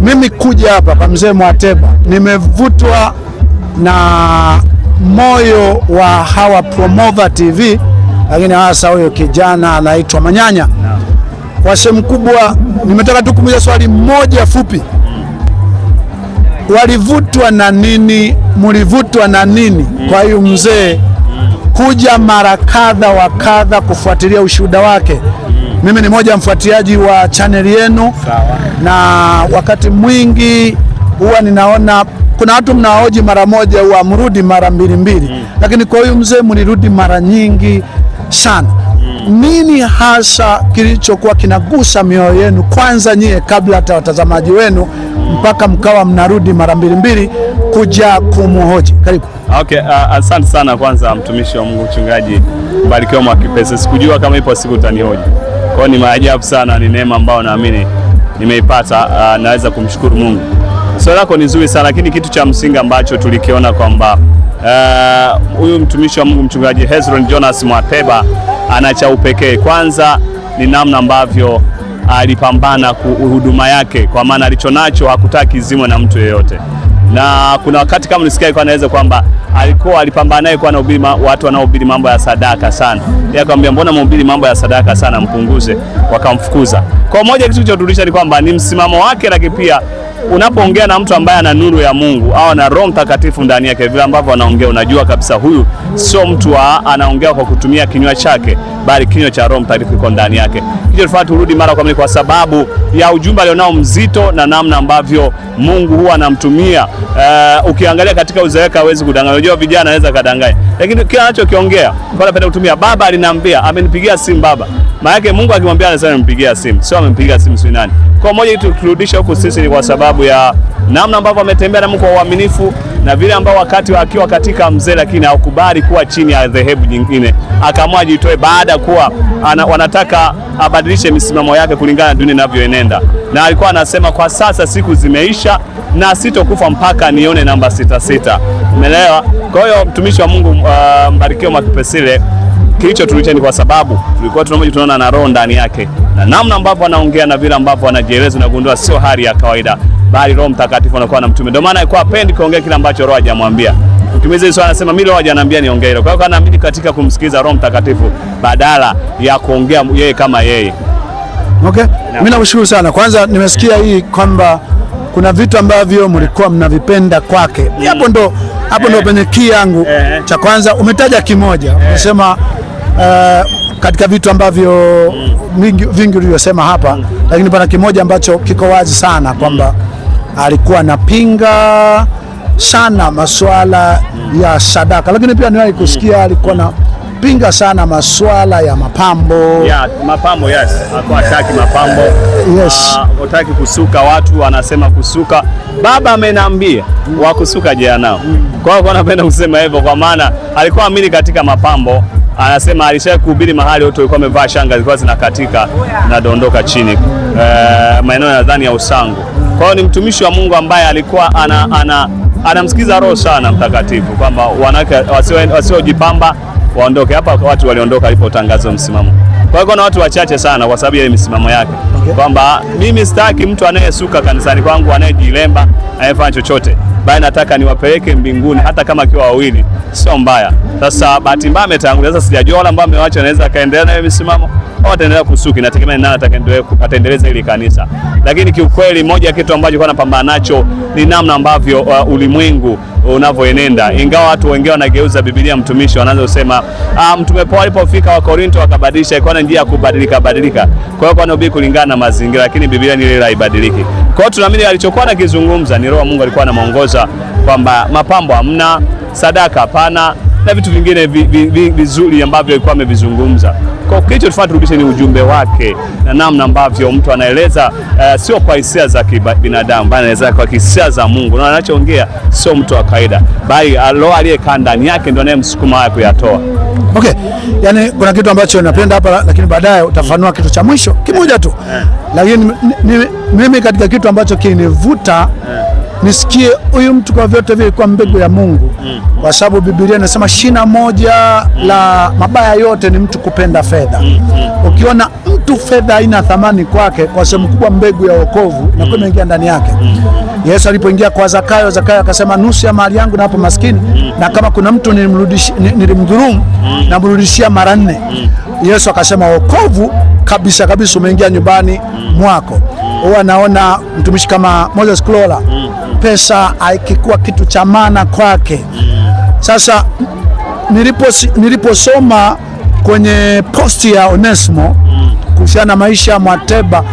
Mimi kuja hapa kwa mzee Mwateba nimevutwa na moyo wa hawa Promova TV, lakini hasa huyo kijana anaitwa Manyanya. Kwa sehemu kubwa nimetaka tu kumuuliza swali moja fupi, walivutwa na nini? Mulivutwa na nini kwa hiyo mzee kuja mara kadha wa kadha kufuatilia ushuhuda wake? Mimi ni moja mfuatiliaji wa chaneli yenu sawa, na wakati mwingi huwa ninaona kuna watu mnaoji mara moja, huwa mrudi mara mbili mbili mm. Lakini kwa huyu mzee mlirudi mara nyingi sana nini hasa kilichokuwa kinagusa mioyo yenu kwanza nyie, kabla hata watazamaji wenu, mpaka mkawa mnarudi mara mbili mbili kuja kumhoji? Karibu. Okay, uh, asante sana kwanza, mtumishi wa Mungu mchungaji Barikiwa Mwakipesa. Sikujua kama ipo siku utanihoji, kwa hiyo ni maajabu sana, ni neema ambayo naamini nimeipata. Uh, naweza kumshukuru Mungu. Swali lako ni zuri sana lakini kitu cha msingi ambacho tulikiona kwamba uh, huyu uh, mtumishi wa Mungu mchungaji Hezron Jonas Mwapeba ana cha upekee. Kwanza ni namna ambavyo alipambana huduma yake, kwa maana alichonacho hakutaki zimwe na mtu yeyote, na kuna wakati kama nisikia alikuwa anaweza kwamba alikuwa alipambana naye kwa anahubiri watu wanaohubiri mambo ya sadaka sana, yeye akamwambia mbona mhubiri mambo ya sadaka sana, mpunguze. Wakamfukuza. Kwa moja, kitu kilichodurisha ni kwamba ni msimamo wake, lakini pia unapoongea na mtu ambaye ana nuru ya Mungu au ana Roho Mtakatifu ndani yake, vile ambavyo anaongea, unajua kabisa huyu sio mtu wa anaongea kwa kutumia kinywa chake, bali kinywa cha Roho Mtakatifu iko ndani yake. Hicho turudi mara kwa mara, kwa sababu ya ujumbe alionao mzito na namna ambavyo Mungu huwa anamtumia. Uh, ukiangalia katika uzoeka hawezi kudanganya. Unajua vijana anaweza kadanganya, lakini kila anachokiongea kwa anapenda kutumia. Baba alinambia amenipigia simu baba. Maana yake Mungu akimwambia anasema amempigia simu, sio amempigia simu sio nani. Kwa moja kitu turudisha huku sisi ni kwa sababu sababu ya namna ambavyo ametembea na Mungu kwa uaminifu na vile ambao wakati akiwa katika mzee, lakini hakubali kuwa chini ya dhehebu nyingine, akaamua ajitoe baada ya kuwa ana, wanataka abadilishe misimamo yake kulingana na dunia inavyoenenda, na alikuwa anasema kwa sasa siku zimeisha na sitokufa mpaka nione namba sita sita. Umeelewa? Kwa hiyo mtumishi wa Mungu uh, Mbarikiwa Mwakipesile kilicho tulicha ni kwa sababu tulikuwa tunamoja, tunaona na roho ndani yake na namna ambavyo anaongea na vile ambavyo anajieleza, unagundua sio hali ya kawaida bali Roho Mtakatifu anakuwa anamtumia. Ndio maana alikuwa apendi kuongea kile ambacho Roho hajamwambia. Mtumizi Yesu anasema mimi Roho hajaniambia niongee hilo. Kwa hiyo anaamini katika kumsikiliza Roho Mtakatifu badala ya kuongea yeye kama yeye. Okay. Mimi nakushukuru sana. Kwanza nimesikia hii kwamba kuna vitu ambavyo mlikuwa mnavipenda kwake. Mm. Hapo mm. ndo hapo ndo eh. penye kii yangu eh. Cha kwanza umetaja kimoja eh. Umesema uh, katika vitu ambavyo mm. mingi, vingi ulivyosema hapa mm. Lakini pana kimoja ambacho kiko wazi sana kwamba mm alikuwa anapinga sana masuala ya sadaka, lakini pia niwahi kusikia alikuwa na pinga sana masuala ya mapambo ya mapambo. Yes, alikuwa hataki mapambo. Yes, hataki ah, kusuka. Watu wanasema kusuka, baba mm. wa kusuka mm. Kwa hiyo anapenda kusema hivyo, kwa maana alikuwa amini katika mapambo anasema alishaye kuhubiri mahali watu walikuwa wamevaa shanga zilikuwa zinakatika nadondoka chini, uh, maeneo nadhani ya Usangu. Kwa hiyo ni mtumishi wa Mungu ambaye alikuwa ana, ana, anamsikiza Roho sana Mtakatifu kwamba wanawake wasiojipamba waondoke hapa. Watu waliondoka alipotangaza msimamo. Kwa hiyo kuna watu wachache sana kwa sababu ya misimamo yake okay, kwamba mimi sitaki mtu anayesuka kanisani kwangu, anayejilemba, anayefanya chochote bali nataka niwapeleke mbinguni, hata kama akiwa wawili sio mbaya. Sasa bahati mbaya ametangulia, sasa sijajua wala ambao amewacha anaweza akaendelea na msimamo au ataendelea kusuki, nategemea ni nani atakaendelea ataendeleza ile kanisa. Lakini kiukweli, moja ya kitu ambacho kwa napambana nacho ni namna ambavyo uh, ulimwengu unavyoenenda, ingawa watu wengine wanageuza Biblia mtumishi, wanazosema ah, mtume Paulo alipofika wa Korinto akabadilisha, ikawa na njia ya kubadilika badilika. Kwa hiyo kwa nabii kulingana na mazingira, lakini Biblia ni ile haibadiliki. Kwa hiyo tunaamini alichokuwa nakizungumza ni roho Mungu alikuwa anamuongoza kwamba mapambo hamna, sadaka hapana, na vitu vingine vizuri ambavyo alikuwa amevizungumza. Kwa kicho tufaa turudishe ni ujumbe wake na namna ambavyo mtu anaeleza uh, sio kwa hisia za kibinadamu, bali anaeleza kwa hisia za Mungu, na anachoongea sio mtu wa kawaida, bali alo aliyekaa ndani yake ndio anayemsukuma haya kuyatoa. Okay, yani kuna kitu ambacho napenda hapa, lakini baadaye utafanua kitu cha mwisho kimoja tu, eh. lakini mimi katika kitu ambacho kinivuta eh nisikie huyu mtu kwa vyote vile kwa mbegu ya Mungu, mm. kwa sababu Biblia inasema shina moja la mabaya yote ni mtu kupenda fedha. Mm, mm. Ukiona mtu fedha haina thamani kwake, kwa sehemu kubwa mbegu ya wokovu na kwa imeingia ndani yake. Yesu alipoingia kwa Zakayo, Zakayo akasema nusu ya mali yangu napo maskini, na kama kuna mtu nilimdhulumu namrudishia mara nne. Yesu akasema wokovu kabisa kabisa umeingia nyumbani mwako huwa naona mtumishi kama Moses Kulola mm, mm. pesa haikikuwa kitu cha maana kwake. Sasa niliposoma nilipo kwenye posti ya Onesmo kuhusiana na maisha ya Mwateba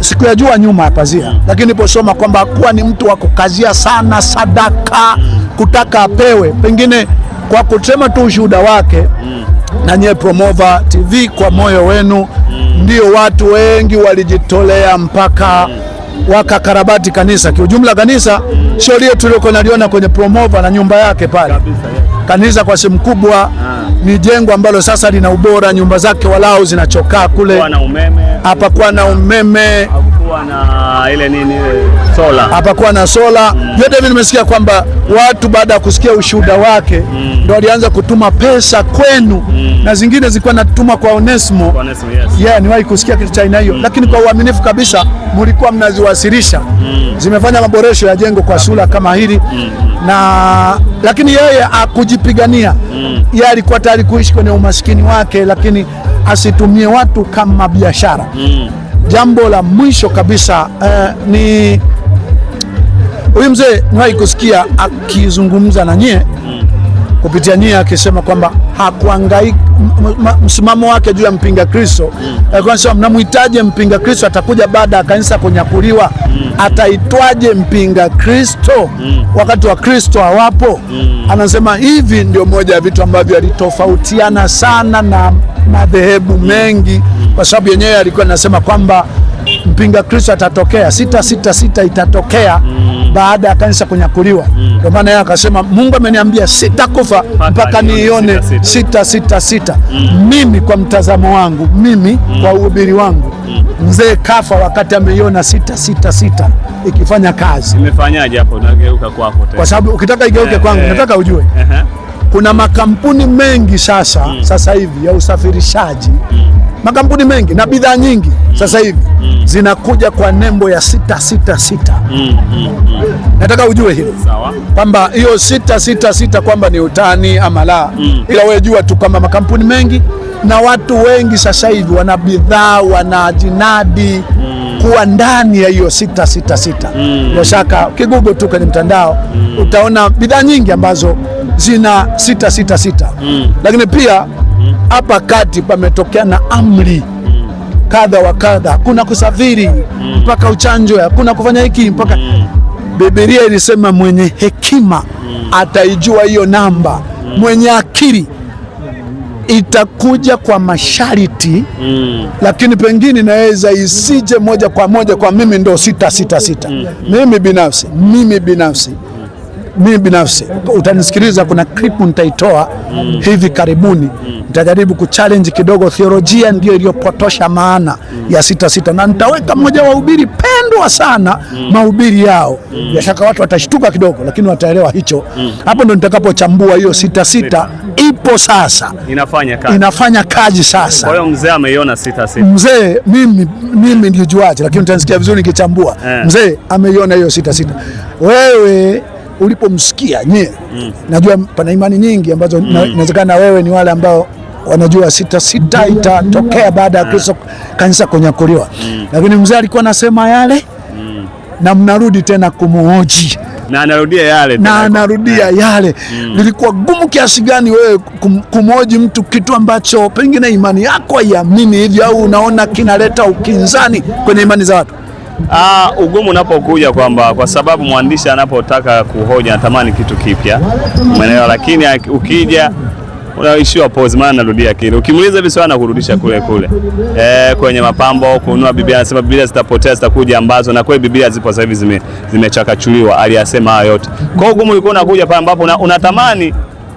sikuyajua ya nyuma ya pazia, mm. lakini niliposoma kwamba kuwa ni mtu wa kukazia sana sadaka, kutaka apewe, pengine kwa kusema tu ushuhuda wake, na nyie Promova TV, kwa moyo wenu ndio watu wengi walijitolea mpaka wakakarabati kanisa. Kiujumla, kanisa lile tuliko naliona kwenye Promova na nyumba yake pale, kanisa kwa sehemu kubwa ah. ni jengo ambalo sasa lina ubora, nyumba zake walau zinachokaa kule, hapakuwa na umeme hapakuwa na ile nini sola, hapakuwa na sola mm. Yote hivi nimesikia kwamba watu baada ya kusikia ushuhuda wake mm. ndo walianza kutuma pesa kwenu mm. na zingine zilikuwa natuma kwa onesimo kwa Onesimo yes. Yeah, niwahi kusikia kitu cha aina hiyo mm. lakini kwa uaminifu kabisa mlikuwa mnaziwasilisha mm. zimefanya maboresho ya jengo kwa sura kama hili mm. na lakini yeye akujipigania mm. yeye alikuwa tayari kuishi kwenye umaskini wake, lakini asitumie watu kama biashara mm. Jambo la mwisho kabisa eh, ni huyu mzee mwai kusikia akizungumza na nyie kupitia nyie akisema kwamba hakuangaika msimamo wake juu ya mpinga Kristo mm. Mnamhitaje mpinga Kristo? Atakuja baada ya kanisa kunyakuliwa mm. Ataitwaje mpinga Kristo mm. wakati wa Kristo hawapo mm. Anasema hivi, ndio moja ya vitu ambavyo alitofautiana sana na madhehebu mm. mengi mm. kwa sababu yenyewe alikuwa anasema kwamba mpinga Kristo atatokea sita sita sita itatokea mm baada ya kanisa kunyakuliwa. Kwa mm. maana yeye akasema, Mungu ameniambia sitakufa mpaka niione sita sita sita. Mm. Mimi kwa mtazamo wangu, mimi mm. kwa uhubiri wangu, mzee kafa wakati ameiona sita sita sita ikifanya kazi. Imefanyaje hapo? Nageuka kwako tena, kwa sababu ukitaka igeuke eh, kwangu, eh. nataka ujue kuna makampuni mengi sasa sasa hivi ya usafirishaji makampuni mengi na bidhaa nyingi sasa hivi mm. zinakuja kwa nembo ya mm, mm, mm. Nataka ujue hilo kwamba hiyo 666 kwamba ni utani ama la, mm. ila wewe jua tu kwamba makampuni mengi na watu wengi sasa hivi wana bidhaa wanajinadi mm. kuwa ndani ya hiyo 666 sita shaka kigugo tu kwenye mtandao utaona bidhaa nyingi ambazo zina 666 mm. lakini pia hapa kati pametokea na amri kadha wa kadha, hakuna kusafiri mpaka uchanjwe, hakuna kufanya hiki mpaka Biblia ilisema mwenye hekima ataijua hiyo namba mwenye akili itakuja kwa masharti mm. lakini pengine inaweza isije moja kwa moja kwa mimi ndo sita sita sita mm. mimi binafsi mimi binafsi mimi binafsi utanisikiliza, kuna clip nitaitoa mm. hivi karibuni mm. nitajaribu kuchallenge kidogo theolojia ndio iliyopotosha maana mm. ya sita sita, na nitaweka mmoja wa wahubiri pendwa sana mm. mahubiri yao mm. bila shaka watu watashtuka kidogo, lakini wataelewa hicho hapo mm. ndo nitakapochambua hiyo sita sita ipo sasa, inafanya kazi, inafanya kazi sasa. Kwa hiyo mzee ameiona sita sita, mzee mimi mimi juaje, lakini utanisikia vizuri nikichambua yeah. mzee ameiona hiyo sita sita, wewe ulipomsikia nye mm. Najua pana imani nyingi ambazo mm. inawezekana wewe ni wale ambao wanajua sita sita itatokea baada ya mm. Kristo kanisa kunyakuliwa mm. Lakini mzee alikuwa anasema yale mm. na mnarudi tena kumuoji na anarudia yale, na anarudia mm. yale. Mm. gumu kiasi gani wewe kum, kumoji mtu kitu ambacho pengine imani yako haiamini hivyo au unaona kinaleta ukinzani kwenye imani za watu? Aa, ah, ugumu unapokuja kwamba kwa sababu mwandishi anapotaka kuhoja anatamani kitu kipya, umeelewa, lakini ukija unaishiwa pause, maana narudia kile. Ukimuuliza hivi sana kurudisha kule kule. E, kwenye mapambo kununua Biblia, anasema Biblia zitapotea zitakuja ambazo na kweli Biblia zipo sasa hivi zime, zimechakachuliwa aliyasema hayo yote. Kwa ugumu ulikuwa unakuja pale ambapo unatamani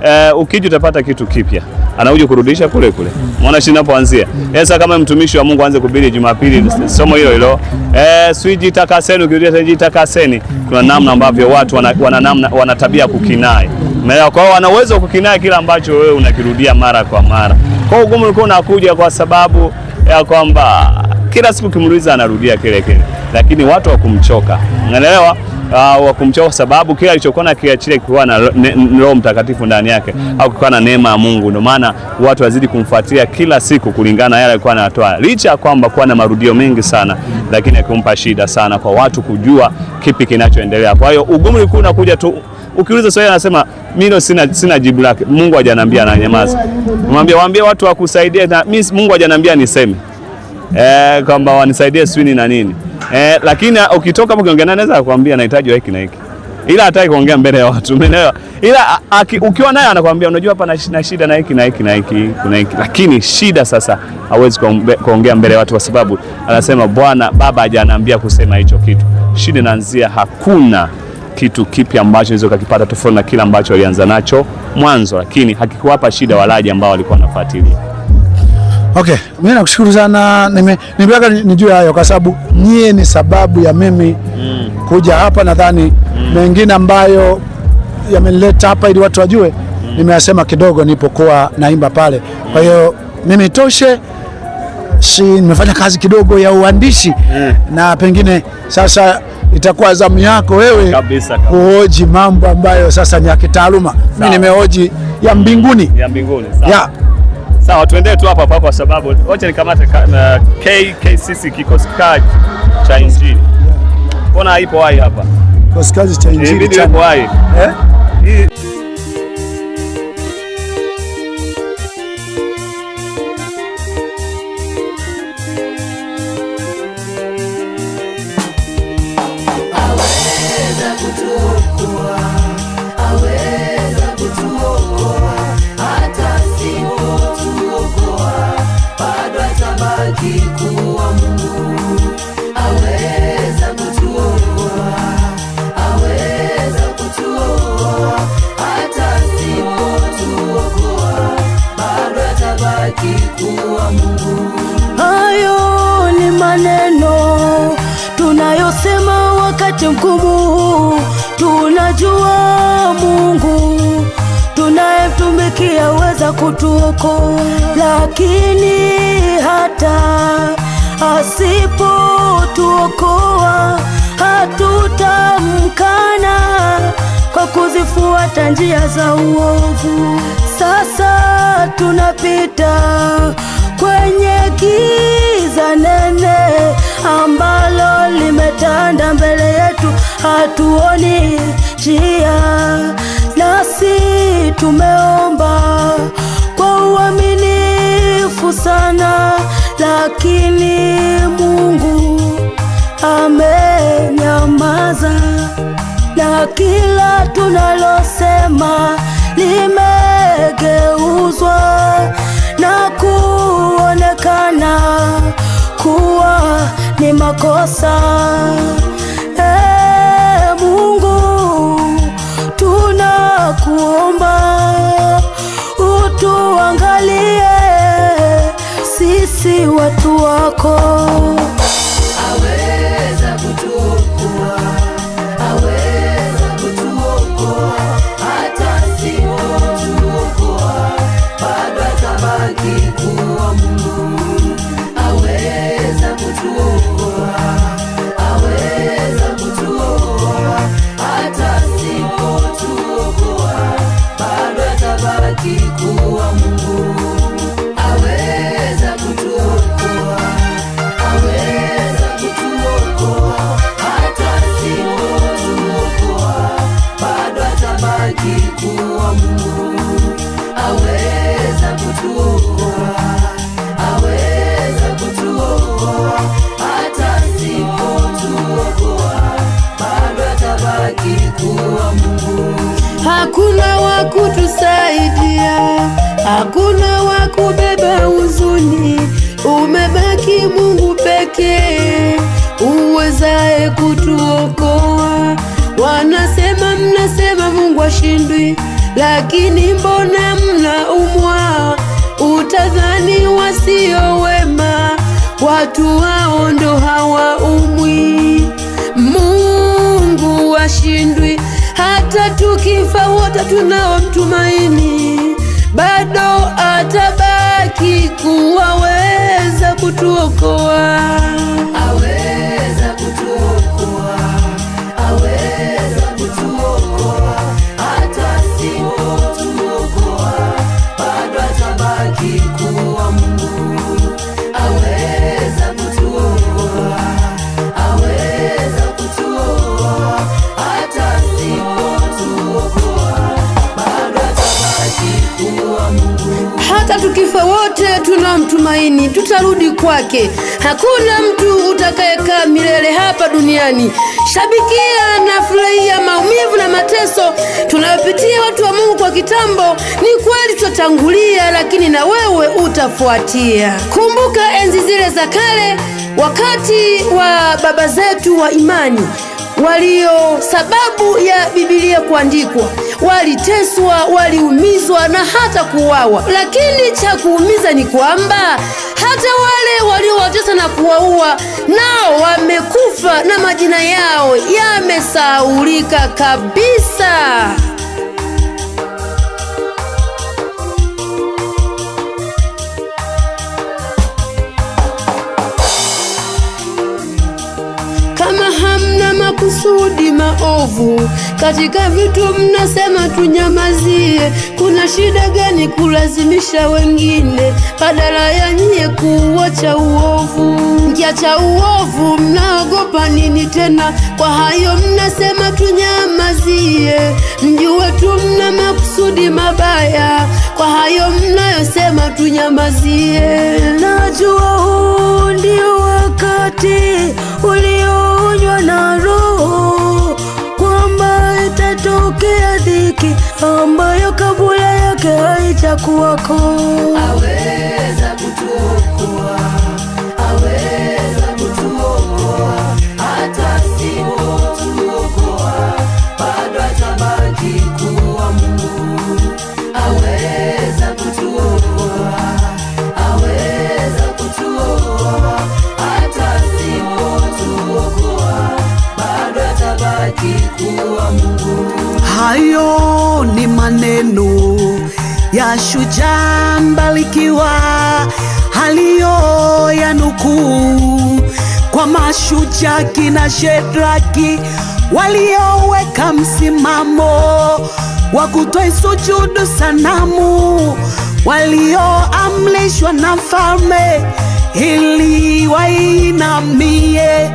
una eh, e, ukija utapata kitu kipya anakuja kurudisha kule kule. Unaona shida inapoanzia. Sasa mm. kama mtumishi wa Mungu aanze kuhubiri Jumapili mm. somo hilo hilo, eh, swiji takaseni ukirudia swiji takaseni, mm. kuna namna ambavyo watu wana, wana namna wana tabia kukinai. Umeelewa? Kwa hiyo wana uwezo kukinai kila ambacho wewe unakirudia mara kwa mara. Kwa hiyo ugumu ulikuwa unakuja kwa sababu ya kwamba kila siku kimuuliza anarudia kile kile, lakini watu wa kumchoka. Unaelewa? uh, wa kumcha, kwa sababu kile alichokuwa na kiachilia kikuwa na Roho Mtakatifu ndani yake mm. au kikuwa na neema ya Mungu. Ndio maana watu wazidi kumfuatia kila siku kulingana na yale alikuwa anatoa, licha ya kwamba kuwa na marudio mengi sana mm. lakini akimpa shida sana kwa watu kujua kipi kinachoendelea. Kwa hiyo ugumu ulikuwa unakuja tu Ukiuliza swali anasema mimi sina, sina jibu lake. Mungu hajaniambia na nyamaza. Mwambie waambie watu wakusaidie na mimi Mungu hajaniambia niseme eh, kwamba wanisaidie swini na nini eh, lakini ah, ukitoka hapo naye anaweza kukuambia anahitaji hiki na hiki, ila hataki kuongea mbele ya watu, umeelewa? Ila ah, ukiwa naye anakuambia unajua, hapa na shida na hiki na hiki na hiki, kuna hiki, lakini shida sasa hawezi kuongea mbele ya watu, kwa sababu anasema Bwana Baba hajaniambia kusema hicho kitu. Shida inaanzia hakuna kitu kipi ambacho hizo kukipata tofauti na kile ambacho alianza nacho mwanzo, lakini hakikuwapa shida walaji ambao walikuwa wanafuatilia. Okay, mimi nakushukuru sana, nimetaka nijue hayo kwa sababu nyie ni sababu ya mimi mm. kuja hapa. Nadhani mm. mengine ambayo yamenileta hapa ili watu wajue mm. nimeyasema kidogo nilipokuwa naimba pale mm. kwa hiyo mimi toshe si nimefanya kazi kidogo ya uandishi mm. na pengine sasa itakuwa zamu yako wewe kuhoji mambo ambayo sasa ni ya kitaaluma. Mimi nimehoji ya mbinguni, ya mbinguni sawa. Sawa, tuendee tu hapa hapa kwa sababu wacha nikamate na KKCC kikosi kazi cha Injili. Mbona ipo hai hapa? Kikosi kazi cha Injili. Ipo hai. Eh? kumkubuu, tunajua Mungu tunayemtumikia weza kutuokoa, lakini hata asipotuokoa hatutamkana kwa kuzifuata njia za uovu. Sasa tunapita kwenye giza nene ambalo limetanda mbele yetu, hatuoni njia, nasi tumeomba kwa uaminifu sana, lakini Mungu amenyamaza na kila tunalosema limegeuzwa na kuonekana kuwa ni makosa e, Mungu tunakuomba utuangalie sisi watu wako. Hakuna wa kutusaidia, hakuna wa kubeba huzuni, umebaki Mungu pekee uwezaye kutuokoa. Wanasema mnasema Mungu ashindwi, lakini mbona mnaumwa? watadhani wasio wema, watu hao ndo hawaumwi, Mungu washindwi. Hata tukifa wote tunaomtumaini, bado atabaki kuwaweza kutuokoa. hata tukifa wote tunamtumaini, tutarudi kwake. Hakuna mtu utakayekaa milele hapa duniani. Shabikia na furahia maumivu na mateso tunayopitia watu wa Mungu kwa kitambo. Ni kweli tutatangulia, lakini na wewe utafuatia. Kumbuka enzi zile za kale, wakati wa baba zetu wa imani walio sababu ya Biblia kuandikwa waliteswa, waliumizwa na hata kuuawa. Lakini cha kuumiza ni kwamba hata wale waliowatesa na kuwaua nao wamekufa na majina yao yamesahaulika kabisa. makusudi maovu katika vitu mnasema tunyamazie. Kuna shida gani kulazimisha wengine badala ya nyie kuwacha uovu? Mkiacha uovu mnaogopa nini tena? Kwa hayo mnasema tunyamazie, mjue tu mna makusudi mabaya kwa hayo mnayosema tunyamazie. Najua huu ndio wakati ambayo kabula yake haijakuwako aweza kutuokoa shujaa Mbarikiwa nukuu kwa mashujaa kina Shedraki walioweka msimamo wa sujudu sanamu walioamrishwa na mfalme ili wainamie,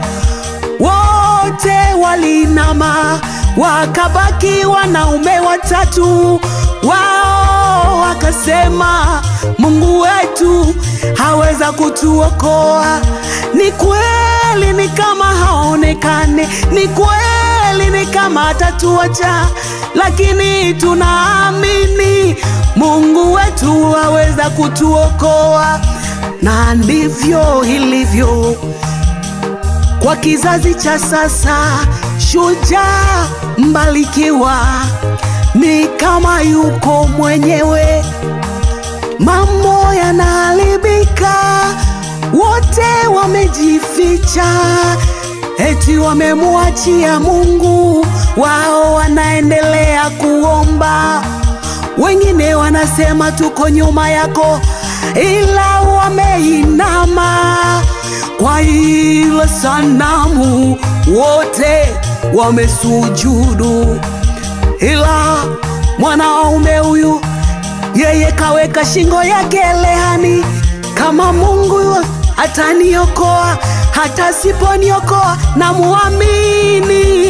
wote walinama, wakabaki wanaume watatu wao unaposema Mungu wetu haweza kutuokoa. Ni kweli, ni kama haonekane, ni kweli, ni kama atatuacha, lakini tunaamini Mungu wetu haweza kutuokoa, na ndivyo ilivyo kwa kizazi cha sasa. Shujaa mbarikiwa ni kama yuko mwenyewe, mambo yanaharibika, wote wamejificha, eti wamemwachia Mungu, wao wanaendelea kuomba. Wengine wanasema tuko nyuma yako, ila wameinama kwa ile sanamu, wote wamesujudu ila mwanaume huyu yeye kaweka shingo yake lehani, kama Mungu ataniokoa hata siponiokoa, na muamini